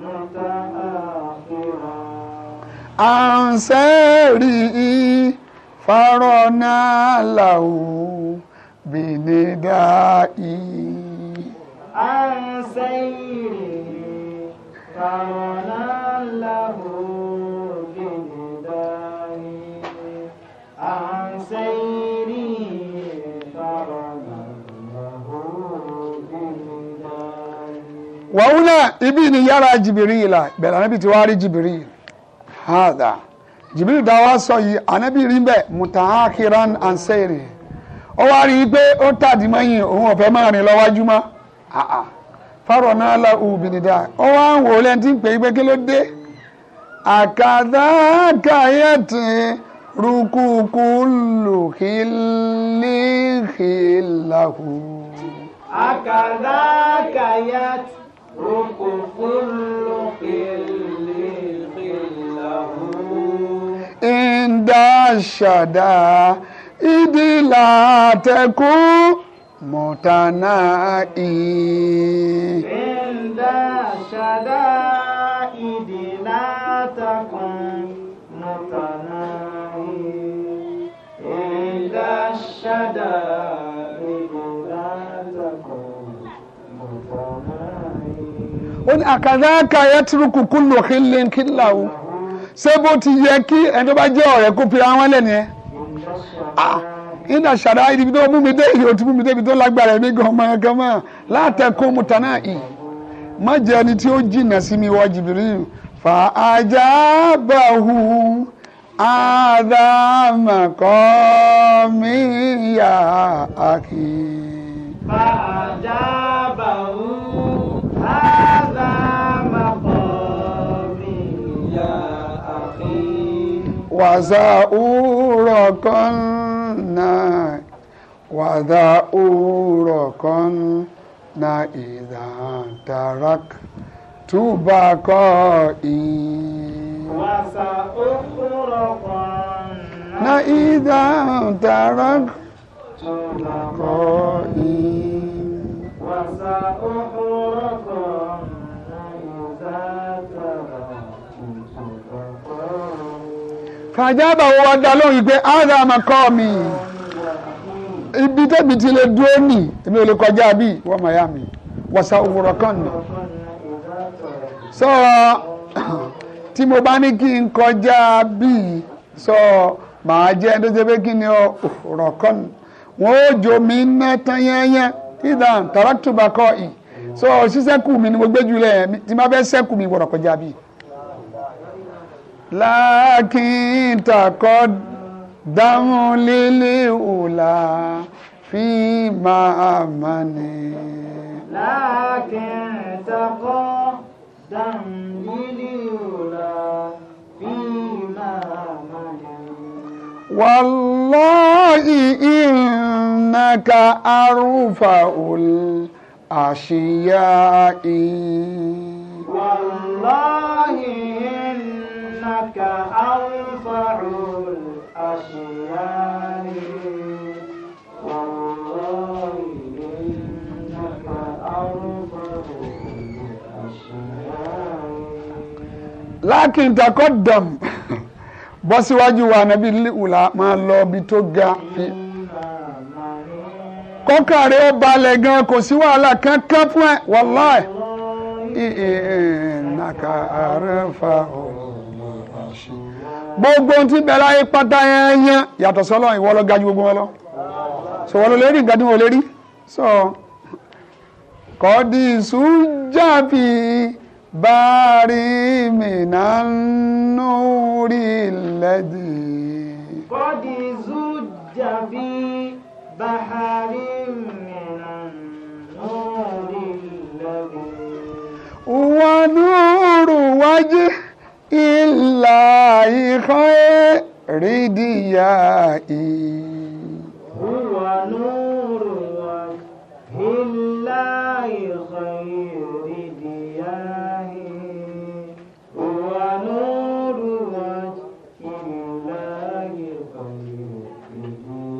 muta akiran. ansẹ́rì farọ́nà làwù bìnnìdáì. ansẹ́rì farọ́nà làwù. wàhùnà ibi ni yàrá jìbìrìlà bẹ̀rẹ̀ ànábì ti wá rí jìbìrìl hàdà jìbìrìl tá wá sọ yìí ànábì rí bẹ́ẹ̀ mutahakiran ansẹ́rì ó wá rí i pé ó tàdí mọ́yìn òun ọ̀fẹ́ máa rìn lọ́wájú mọ́ fárọ̀ náà la òbìnida ó wá ń wò ó lẹ́ni tí ń pè é pé kí ló dé àkàdáàkà yẹn rukuku lùhìlìhìlàhù. àkàdáàkà yẹn tì í ìdáṣàdá ìdílà tẹkú mọ̀tánà ì. ìdáṣàdá ìdílà tẹkú mọ̀tánà ì. ìdáṣàdá. ó ní àkàdáàkà yẹtùrúkù kúlò kílínkílà o ṣé bó ti yẹ kí ẹni tó bá jẹ́ ọ̀rẹ́ kó pera wọn lẹ́nu ẹ̀ nínú àṣàrà ibi tó mú mi dé ìhò tó mú mi dé ibi tó lágbára mi gan ọmọ ẹ̀gán mọ́ látẹ̀kọ́ mu tán náà ì má jẹ́ ẹni tí ó jìnnà sí mi wá jìbìrì fà ájá bá hu àdàmàkọ́ mi yá àkì. fà ájá. وزعوركن وزعوركن إذا تركت بقائي وسأخرقن إذا تركت بقائي وسأخرقن إذا تركت fàjábà wo wá dá lóhùn yìí pé ága máa kọ́ mi ibi tẹ́bi ti lè dúró nì èmi ò lè kọjá bí wọ́n máa yá mi wàsá òwúrọ̀ kan nì. sọ tí mo bá ní kí n kọjá bí sọ màá jẹ́ ẹni tó ṣe pé kí ni òwúrọ̀ kan nì wọ́n ó jò mí ná tán yẹ́yẹ́ ìdá tàràtùbà kọ́ ì sọ ṣíṣẹ́kù mi ni mo gbé jùlẹ̀ tí má fẹ́ ṣẹ́kù mi gbọ́dọ̀ kọjá bí láàkín takọ́ dáhùn lílé òlà fi máa mani. láàkín takọ́ dáhùn lílé òlà fi máa mani. والله إنك أرفع الأشياء والله إنك أنفع الأشياء والله إنك أنفع الأشياء لكن تقدم bọ́ síwájú wa nàbí líhùlà máa lọ ibi tó ga fi. kọ́kàn ó balẹ̀ gan kò sí wàhálà kankan fún ẹ wàláì. ìnàkà àrẹ fa òun gbogbo ohun tí ń bẹ láyé pátá yẹn yàtọ̀ sí ọlọ́run ìwọ ló ga ju gbogbo wọn lọ so wọn ló lérí wọn lérí so kọ́ọ̀dì sùjàbí bari minan nuri lẹ́dí. kọ́ọ̀dì sùjàbí bari minan nuri lẹ́dí. wọnú rùwájú ìlà ìkọ́ rídìyà ì. Huwa nuru wa ìlà ìkọ́ rídìyà ì. Huwa nuru wa ìlà ìkọ́ rídìyà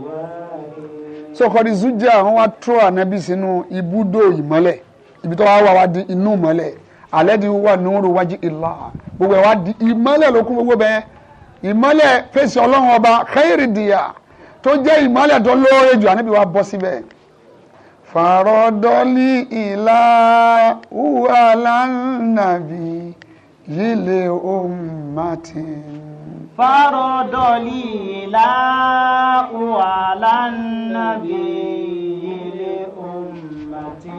ì. Sọkọ̀dì Zújà wọ́n wá tró ànábì sínú ibùdó ìmọ́lẹ̀ ibi tó wá wà wá di inú ìmọ́lẹ̀ àlẹ́ di wà nuru wájú ìlà gbogbo ẹ̀ wá di ìmọ́lẹ̀ ló kún gbogbo bẹ́ẹ̀ ìmọ́lẹ̀ fèsì ọlọ́run ọba kẹ́hìrì dìyà tó jẹ́ ìmọ́lẹ̀ tó lóore jù ànábì wa bọ́ síbẹ̀ fàrọ́dọ́lì ìlà wúwa lánàbì yìí lè ohun mátìn fárọ́dọ̀lì láàrù alánàbí ilé ọmọdé.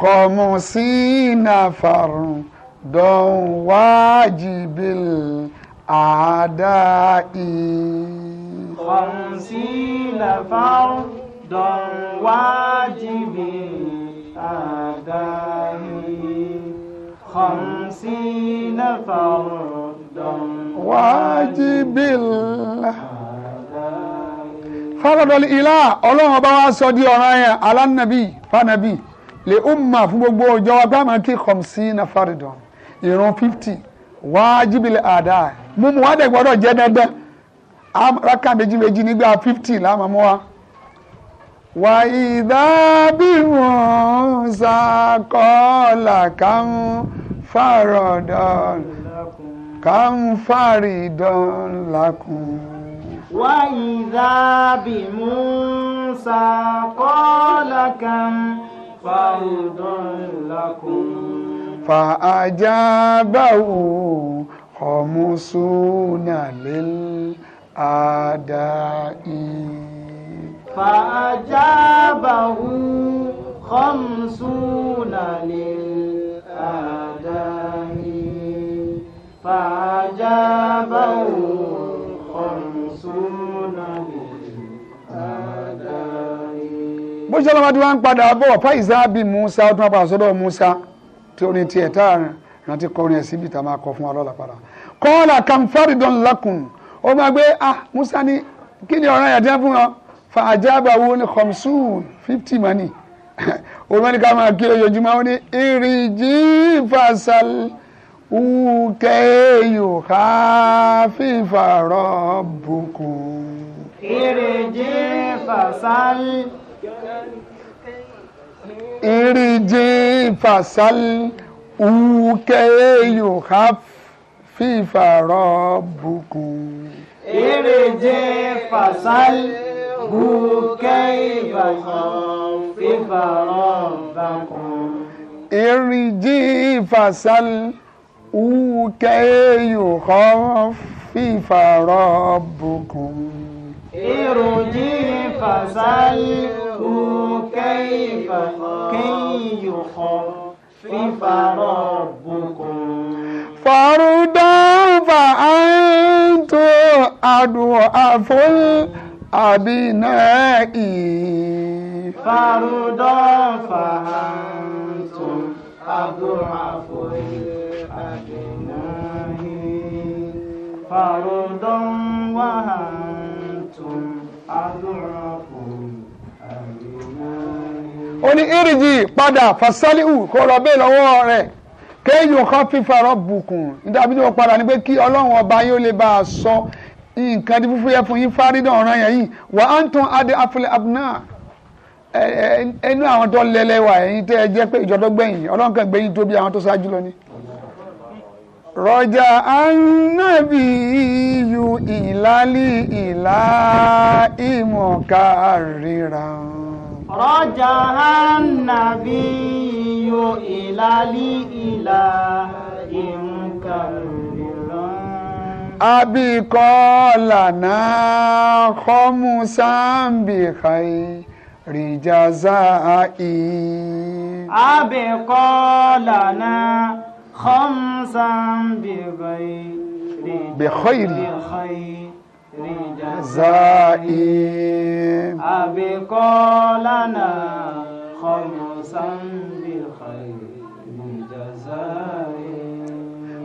kọmùsí náà fàrùn don wajibil a'da'i khamsina fardon wajibil a'da'i khamsina fardon wajibil a'da'i faradol ilá ọlọ́run ọba wa sọ di ọ̀ràn yẹn nabi fanabi lè umma fún gbogbo ọjọ́ wa bá máa kí khamsina fardon ìrun fifty wájibìlẹ̀ àdá mímú wa dẹ̀ gbọ́dọ̀ jẹ́ dandan rákà méjì méjì nígbà fifty láwọn mú wa. wà ìdábì wọn ṣàkọọ́là kàn fàrọ̀dọ̀ kàn fàrìdọ̀ làkùn. wà ìdábì mú ṣàkọọ́là kàn fàrọ̀dọ̀ làkùn. فأجابه خمسون للأعداء فأجابه خمسون للأعداء فأجابه خمسون للأعداء bó ṣe lọ́wọ́ tí wọ́n ń padà bọ̀ fáìsá bíi Musa ó tún wá padà sọ́dọ̀ Musa tí orin tiẹ̀ tá a rántí kọrin ẹ̀ síbi tá a máa kọ fún wa lọ́la padà kọ́ọ̀là kamfaridon lakun ó máa gbé ah Musa ní kí ni ọ̀ràn yàtí fún wọn fa àjábà wo ni khamsun fifty mani olùmọ̀ni máa kí ojoojúmọ́ ó ní ìrìjì fasal ukẹ́ yòókà fífa rọ́ọ̀bù kù. ìrìjì fasal ìrìjì fasal uke yuha fífa rabbukum. ìrìjì fasal uke yuha fífa rabbukum. ìrìjì fasal uke yuha fífa rabbukum. ارجي فسله كيف كي يخفف ربكم فردا فأنتم أضعف الأبناء فردا فأنتم أضعف الأبناء فردا وأنتم ó ní ìrìjì padà fasálíhù kó lọ bẹ́ẹ̀ lọ́wọ́ rẹ̀ kéèyàn kan fífa rọ́bùkún nítorí tí wọ́n padà ní pé kí ọlọ́run ọba yóò lè bá a sọ nǹkan tí fúfú yẹ fún yín fárídàn ọ̀ràn yẹn yìí wà á ń tún adé afúlẹ̀ abúná ẹnu àwọn tó lẹ́lẹ́wà ẹ̀yìn tẹ́ ẹ jẹ́ pé ìjọ gbẹ̀yìn ọlọ́run kan gbẹ̀yìn tó àwọn tó ṣáájú lọ ni rọjà ànábì iyù ìlàlí ìlà ìmọ̀ká ríra. rọjà ànábì iyù ìlàlí ìlà ìmọ̀ká ríra. abikọ lànà kọ́mú sáǹbìkàì rìjàzá ì. abikọ lànà. خمسا بغير بخير بخير زائم أبي قالنا خمسا بخير جزائم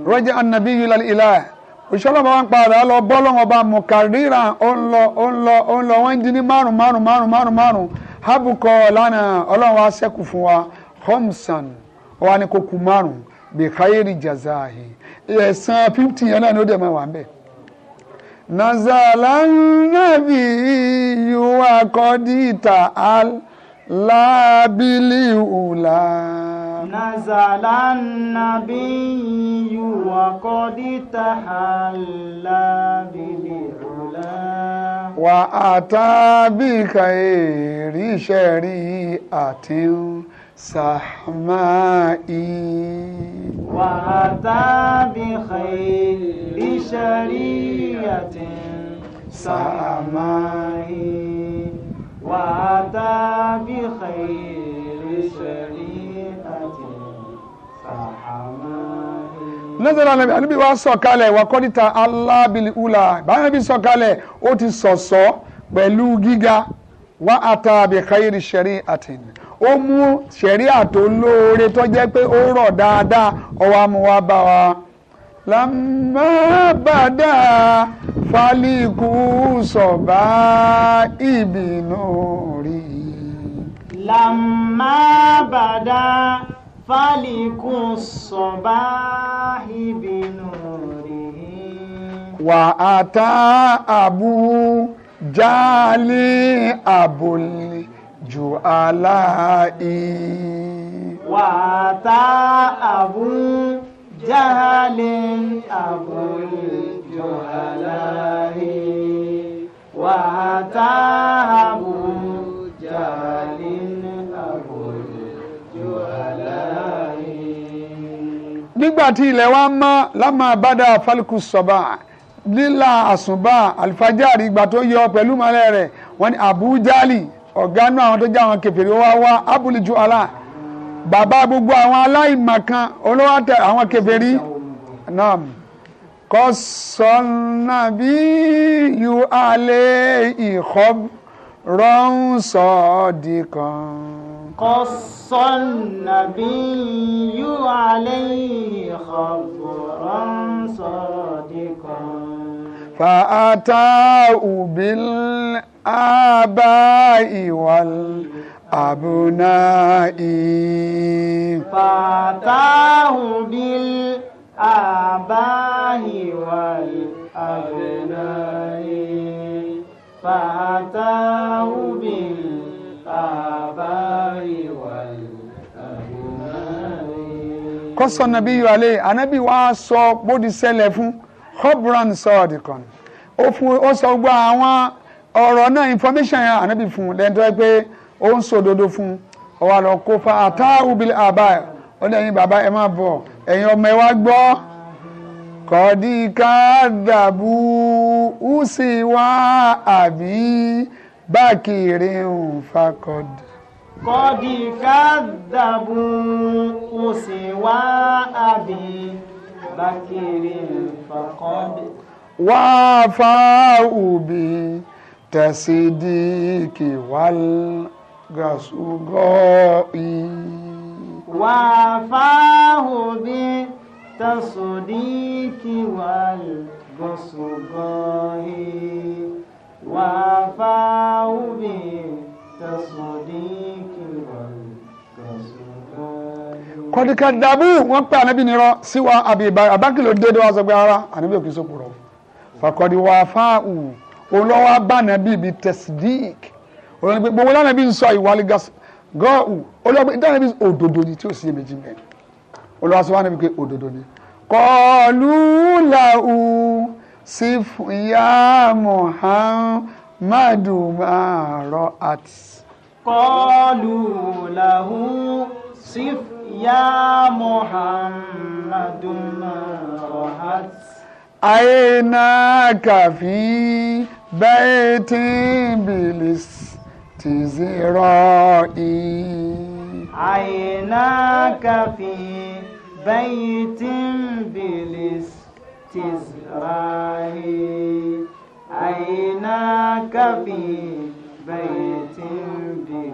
رجع النبي إلى الإله òṣèlọ́mọ wa ń padà lọ bọ́lọ́wọ́ bá mú kàríra ó ń lọ ó ń lọ ó ń lọ wọ́n ń di ní márùn márùn márùn márùn márùn hábùkọ lánàá ọlọ́run wa fún wa homsan ó wá ní kó márùn bi khairi jazahi ẹ̀sán fifty yẹn náà ni ó dẹ̀ máa wà ń bẹ̀. yuwa kọ́díta al lábílì ùlà. nazala yuwa kọ́díta al lábílì ùlà. Wa á tá bí kàyèrè ìṣẹ̀rí سحماء وأتى بخير شريعة سحماء وأتى بخير شريعة سحماء nọ́sọ̀rọ̀ àlẹ́ àníbi wa sọ̀kalẹ̀ wà kọ́díta alábìlìhùlà báyọ̀ bí sọ̀kalẹ̀ ó ti sọ̀sọ́ pẹ̀lú gíga wà àtàbí káyìrì ṣẹ̀rí àtìní ó mú ṣẹ̀ríà tó lóore tó jẹ́ pé ó rọ̀ dáadáa ọwọ́ amúwá bá wa. lámà bàdà fálíkù sọ̀bà ìbínú rí. lámà bàdà fálíkù sọ̀bà ìbínú rí. wà á ta àbú jáálí àbòlè. جعلائي واتى أبو جهل أبو الجهلاء واتى أبو جهل أبو الجهلاء nígbà tí ilẹ̀ wa mọ́ lámà bàdà fálkù sọ̀bà lílà àsùnbà àlùfájàrí ìgbà tó yọ pẹ̀lú mọ́lẹ̀ rẹ̀ wọ́n ní àbújálì ọ̀gá náà àwọn tó jẹ́ àwọn kèfèrí wá wá abúlíjú alá bàbá gbogbo àwọn aláìmọ̀kan olówó tẹ àwọn kèfèrí náà kọ́ sọ́nà bí yù alẹ́ ìkọ́ rọ́n sọ́ọ̀dì kan. kọ́ sọ́nà bí yù alẹ́ ìkọ́ rọ́n sọ́ọ̀dì kan. fàáta ùbílẹ̀. الآباء والأبناء فتاه بالآباء والأبناء فتاه بالآباء والأبناء قصة النبي عليه النبي واسو بودي سلفو خبرا صادقا ó fún ó sọ gbọ́ àwọn ọ̀rọ̀ náà information yẹn ànábì fún un lẹ́yìn tó yẹ pé ó ń sòdodo fún un ọ̀wà lọ kó fa àtà ubil àbá ó ní bàbá ẹ máa bọ̀ ẹ̀yin ọmọ ẹ wá gbọ́ kọ́dí kádàbù ó sì wá àbí bákìrì ń fakọ̀dà. kọ́dí kádàbù ó sì wá àbí bákìrì ń fakọ̀dà. wá fáwọn òbí tasidiki wal gasugoi wafahu bi tasudiki wal gasugoi wafahu bi tasudiki wal gasugoi. kọ́díkà dàbú wọ́n pè ànábì nírọ́ sí wa àbí abákìlódé ló wá sọ pé ara ànábì òkè sókùrọ̀ fàkọ́dí wàfáà ù òun lọ́wọ́ abáná bíi bíi tẹ̀sídìk òun ni gbogbo lánàá bí n ìwálé gas gọ́ọ̀hù olóògbé ìdáná bí òdodo ni tí ò sí èméjì mẹ́ olùwàsó wà níbi pé òdodo ni. kọlu làwù sí fúnyà muhammadu márọ àti. kọlu làwù sí fúnyà muhammadu márọ àti. àyè náà kàfin. بيت بالاستزراء عيناك في بيت بالاستزراء عيناك في بيت بالاستزراء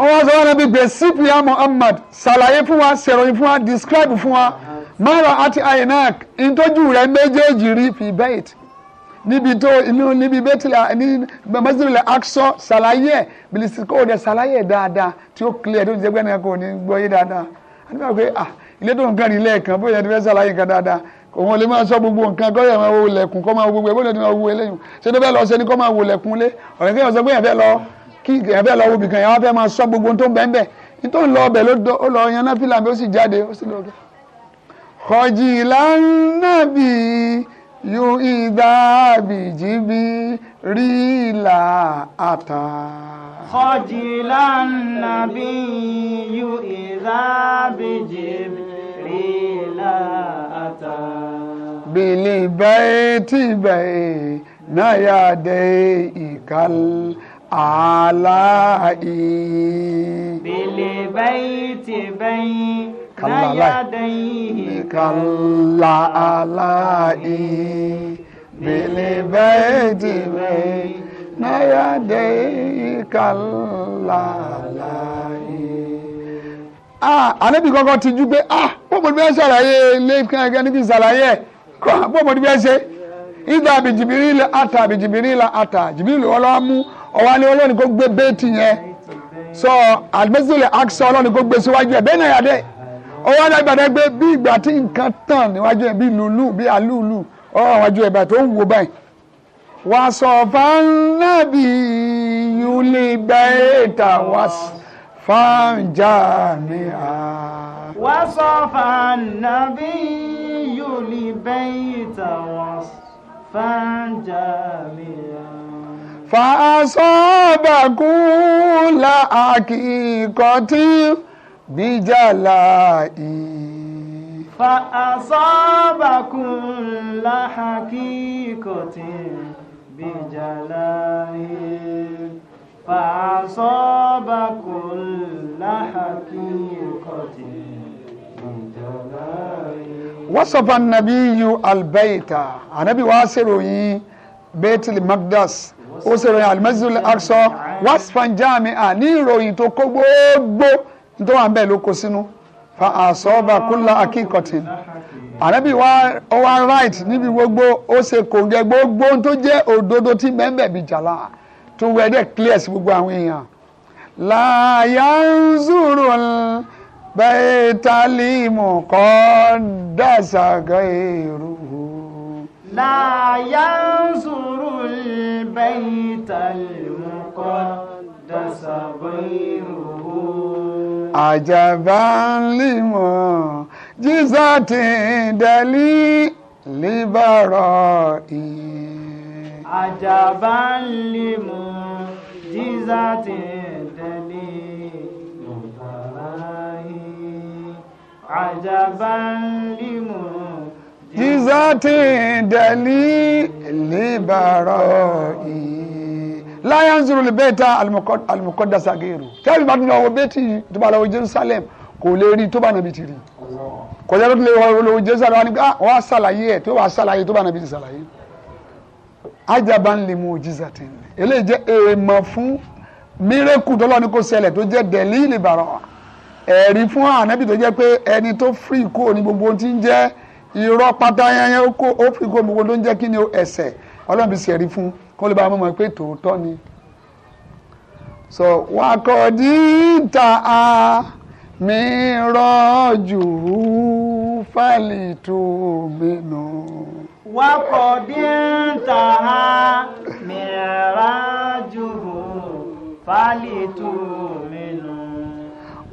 wọ́n wá sọ wọn náà bí gbèsè pia Muhammad ṣàlàyé fún wa ṣèròyìn fún wa describe fún wa mara àti ainak ìtọ́jú rẹ̀ méjèèjì rí fi bẹ́ẹ̀t níbi tó inú níbi bẹ́tìlá ní mẹ́sìlélẹ̀ àkṣọ ṣàlàyé ẹ̀ bìlìsì kò dẹ̀ ṣàlàyé dáadáa tí ó clear tó ti jẹ́ pé ẹnìkan kò ní gbọ́ yé dáadáa àdúgbò pé ah ilé tó ń kàn ní ilé ẹ̀kan bóyá ẹni fẹ́ ṣàlàyé nǹkan dáadáa òun ò lè máa sọ gbogbo nǹkan kọ́ yẹ̀ máa wo lẹ̀kùn kọ́ máa wo gbogbo ẹ̀ bóyá ẹni máa wo eléyìí ṣé tó fẹ́ lọ ṣe ni kọ́ máa wo lẹ̀kùn lé ọ̀rẹ́ kéèyàn sọ pé خجلا النبي يؤذى بجبريل أتى خجلا النبي إذا بجبريل أتى بالبيت بين يديه كالآلاء بالبيت بين alebi kankan ti ju pe ah pọpọ bi ẹsẹ alaye ile kankan ni bi ṣalaye pọpọ bi ẹsẹ ida bi jibiri la ata bi jibiri la ata jibiri la ọlọ amu ọwọ ni ọlọni ko gbe beeti yẹn so alibesi le ak sọ ọlọni ko gbe siwaju ẹ bẹẹ ni ẹ yà dẹ. ọwọ́ alágbàdá gbé bí ìgbà tí nǹkan tàn níwájú ẹ̀ bí lùlù bí alùlù ọwọ́ àwájú ẹ̀ bá tó ń wo báyìí. wàsọ̀fà nàbì yúlé bẹ́ẹ̀ta wàsọ̀fà níhà. wàsọ̀fà nàbì yúlé bẹ́ẹ̀ta wàsọ̀fà níhà. فأصاب كل حقيقة بجلائي فأصابكم لحقيقة بجلائي فأصابكم لحقيقة بجلائي وصف النبي البيت النبي واسره بيت المقدس ó ṣèròyìn alimẹ́sìlẹ̀ àṣọ wàsífàn jáàmì à ní ìròyìn tó kó gbogbo nítorí wọn bẹ́ẹ̀ ló kó sínú fa àsọ́ọ́bà kúnlá akínkọ̀tìn àrẹ́bí wa wá right níbi gbogbo ó ṣe kòǹgẹ́ gbogbo tó jẹ́ òdodo tí mẹ́ńbẹ̀ bí jàlá tó wẹ́ dẹ́ clear sí gbogbo àwọn èèyàn láyà ń zúrò bẹ́ẹ̀ tálímù kọ́ dàṣàgọ́ èrò. láyà ń zúrò bẹ́ẹ̀ tálímù kọ́ dàṣàgọ́ èrò. عجبا لمعجزة دليل لبرائي عجبا لمعجزة دليل لبرائي عجبا لمعجزة دليل لبرائي láyán zuru lè bẹ́ẹ̀ ta alimọ̀kọ́dásá gèrò tẹ́lifí bá tún ọwọ́ bẹ́ẹ̀tì tó bá lọ́wọ́ Jerusalem kò lè rí tó bá nàbí ti rí kò jẹ́ tó lè lọ́wọ́ Jerusalem wọn ni ah, wọ́n á ṣàlàyé ẹ̀ tó bá ṣàlàyé tó bá nàbí ti ṣàlàyé. ajaba ń lè mú òjìṣà tẹ̀ ní eléyìí jẹ́ èèmọ̀ fún mírèkù tó lọ́ni kò ṣẹlẹ̀ tó jẹ́ dẹ̀lí ìlìbàrọ̀ ẹ̀rí fún ànábì tó jẹ́ pé ẹni tó fìrí kó ní gbogbo tí ń jẹ́ irọ́ pátá yẹn ó fìrí kó gbogbo tó ń jẹ́ kí ni ẹ̀ṣẹ̀ ọlọ́run fi ṣẹ̀rí fún un kó lè bá mọ̀ pé tòótọ́ ni so wakọ̀dí ta a mi rọ́jù fẹ́lì tó gbénu. wakọ̀dí ta a mi rọ́jù fẹ́lì tó gbénu.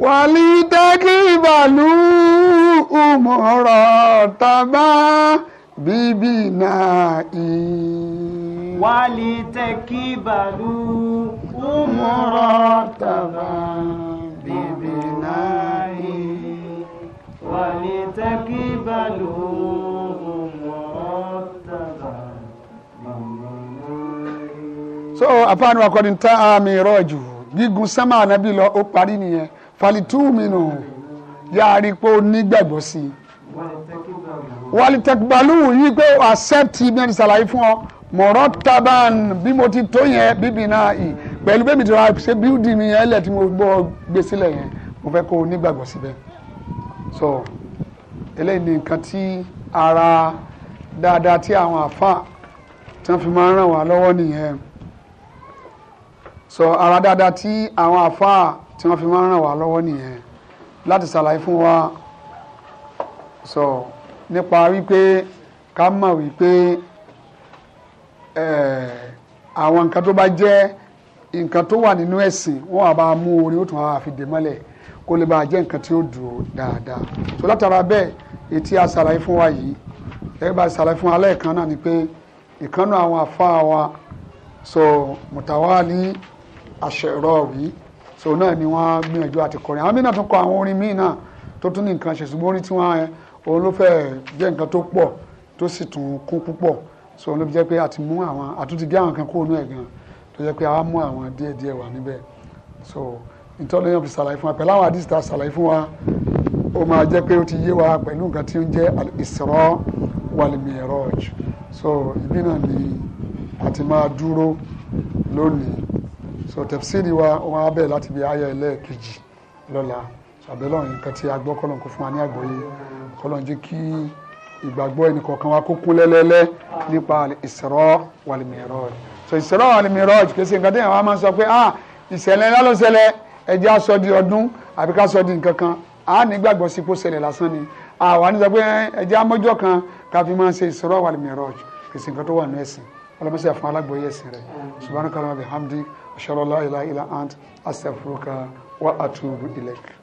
wàlí dẹ́kìbàlú umọ̀rọ̀ tàbá bíbí náà yìí. ولتكبلوا مرتبا ببنائه ولتكبلوا مرتبا so apanu akọni tá a mi rọjù gígùn sánmà ànábì lọ ó parí nìyẹn falitúmínú yáàrí pé ó nígbàgbọ́ sí i wàlítẹ̀kùbàlù yìí pé accept fún ọ mọ̀rọ́ taban bí mo ti tó yẹn bíbí náà yìí pẹ̀lú bẹ́ẹ̀ mi ti ra ṣe bíúdì mi yẹn ẹlẹ́ tí mo gbọ́ gbé sílẹ̀ yẹn mo fẹ́ kó o nígbàgbọ́ síbẹ̀ so eléyìí ni nǹkan tí ara dáadáa tí àwọn àfa tí wọ́n fi máa ń ràn wá lọ́wọ́ nìyẹn so ara dáadáa tí àwọn àfa tí wọ́n fi máa ń ràn wá lọ́wọ́ nìyẹn láti ṣàlàyé fún wa so nípa wípé ká mọ̀ wípé. Eh, àwọn nǹkan tó bá jẹ́ nǹkan tó wà nínú ẹ̀sìn wọn àbá mú orin ó tún wá fi dè kó lè bá jẹ́ nǹkan tí ó dùn dáadáa tó látara bẹ́ẹ̀ etí a ṣàlàyé fún wa yìí ẹ bá ṣàlàyé fún alẹ́ kan náà ni pé ìkànnà àwọn àfáà wa so mùtàwálì aṣẹ̀rọ̀wì so náà ni wọ́n gbìyànjú àti kọrin àwọn mìíràn tó kọ àwọn orin míì náà tó tún ní nǹkan ṣe ṣùgbọ́n orin tí wọ́n òun ló fẹ́ jẹ́ nǹkan tó pọ̀ tó sì tún kún púpọ̀ so ló fi jẹ́ pé a ti mú àwọn àtúntì gé àwọn kan kó inú ẹ̀ gan tó jẹ́ pé a mú àwọn díẹ̀ díẹ̀ wà níbẹ̀ so ìtọ́lẹ̀ yẹn fi ṣàlàyé fún wa pẹ̀lú àwọn àdìsí ta ṣàlàyé fún wa ó máa jẹ́ pé ó ti yé wa pẹ̀lú nǹkan tí ó ń jẹ́ al-Isra so ibi náà ni a ti máa dúró lónìí so tafsiri wa ó máa bẹ̀rẹ̀ láti bí aya ẹlẹ́ẹ̀kejì lọ́la so àbẹ̀lọ́run nǹkan tí a gbọ́ kọ́lọ́n kó fún wa ní àgbọ́yé kọ́lọ́n jẹ́ kí ìgbàgbọ́ ẹnì kọ̀ọ̀kan wa kó kún lẹ́lẹ́lẹ́ nípa ìsirọ́ wàlìmírọ́ọ̀j so ìsirọ́ wàlìmírọ́ọ̀j kì í ṣe nǹkan tí àwọn máa ń sọ pé ah ìṣẹ̀lẹ̀ ńlá ló ṣẹlẹ̀ ẹjẹ́ aṣọ di ọdún àbí ká sọ di nǹkan kan a nígbàgbọ́ sí kó ṣẹlẹ̀ lásán ni àwa ní sọ pé ẹjẹ́ amọ́jọ́ kan ká fi máa ń ṣe ìsirọ́ wàlìmírọ́ọ̀j kì í ṣe nǹkan tó wà nú ẹ̀sìn ọlọ́mọṣẹ́ fún alágbóyè ẹ̀sìn rẹ̀ subhanaka wa bihamdik ashhadu an la ilaha illa ant astaghfiruka wa